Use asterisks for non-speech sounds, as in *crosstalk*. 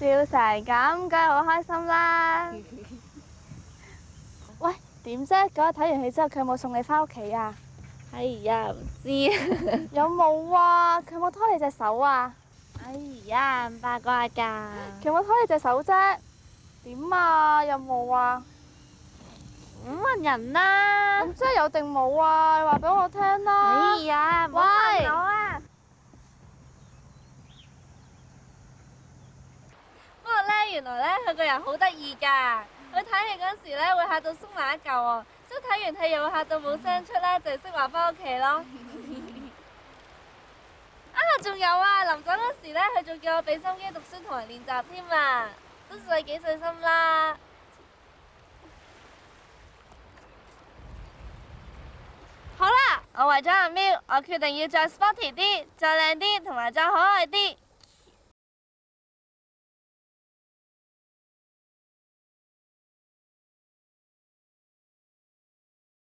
笑成咁，梗係好開心啦！ *laughs* 喂，點啫、啊？嗰日睇完戲之後，佢有冇送你返屋企啊？哎呀，唔知。有冇啊？佢有冇拖你隻手啊？哎呀，咁八卦噶。佢有冇拖你隻手啫、啊？點啊？有冇啊？五、嗯、問人啦、啊。咁即係有定冇啊？你話俾我聽、啊、啦。哎呀，冇。哇原來呢，佢個人好得意噶，佢睇戲嗰時呢，會嚇到縮埋一嚿哦，即係睇完戲又會嚇到冇聲出呢，就係識話返屋企咯。 *laughs* 啊，仲有啊，臨走嗰時呢，佢仲叫我俾心機讀書同埋練習添啊，都算係幾細心啦。好啦，我為咗阿 Miu，我決定要再 sport 啲，再靚啲，同埋再可愛啲。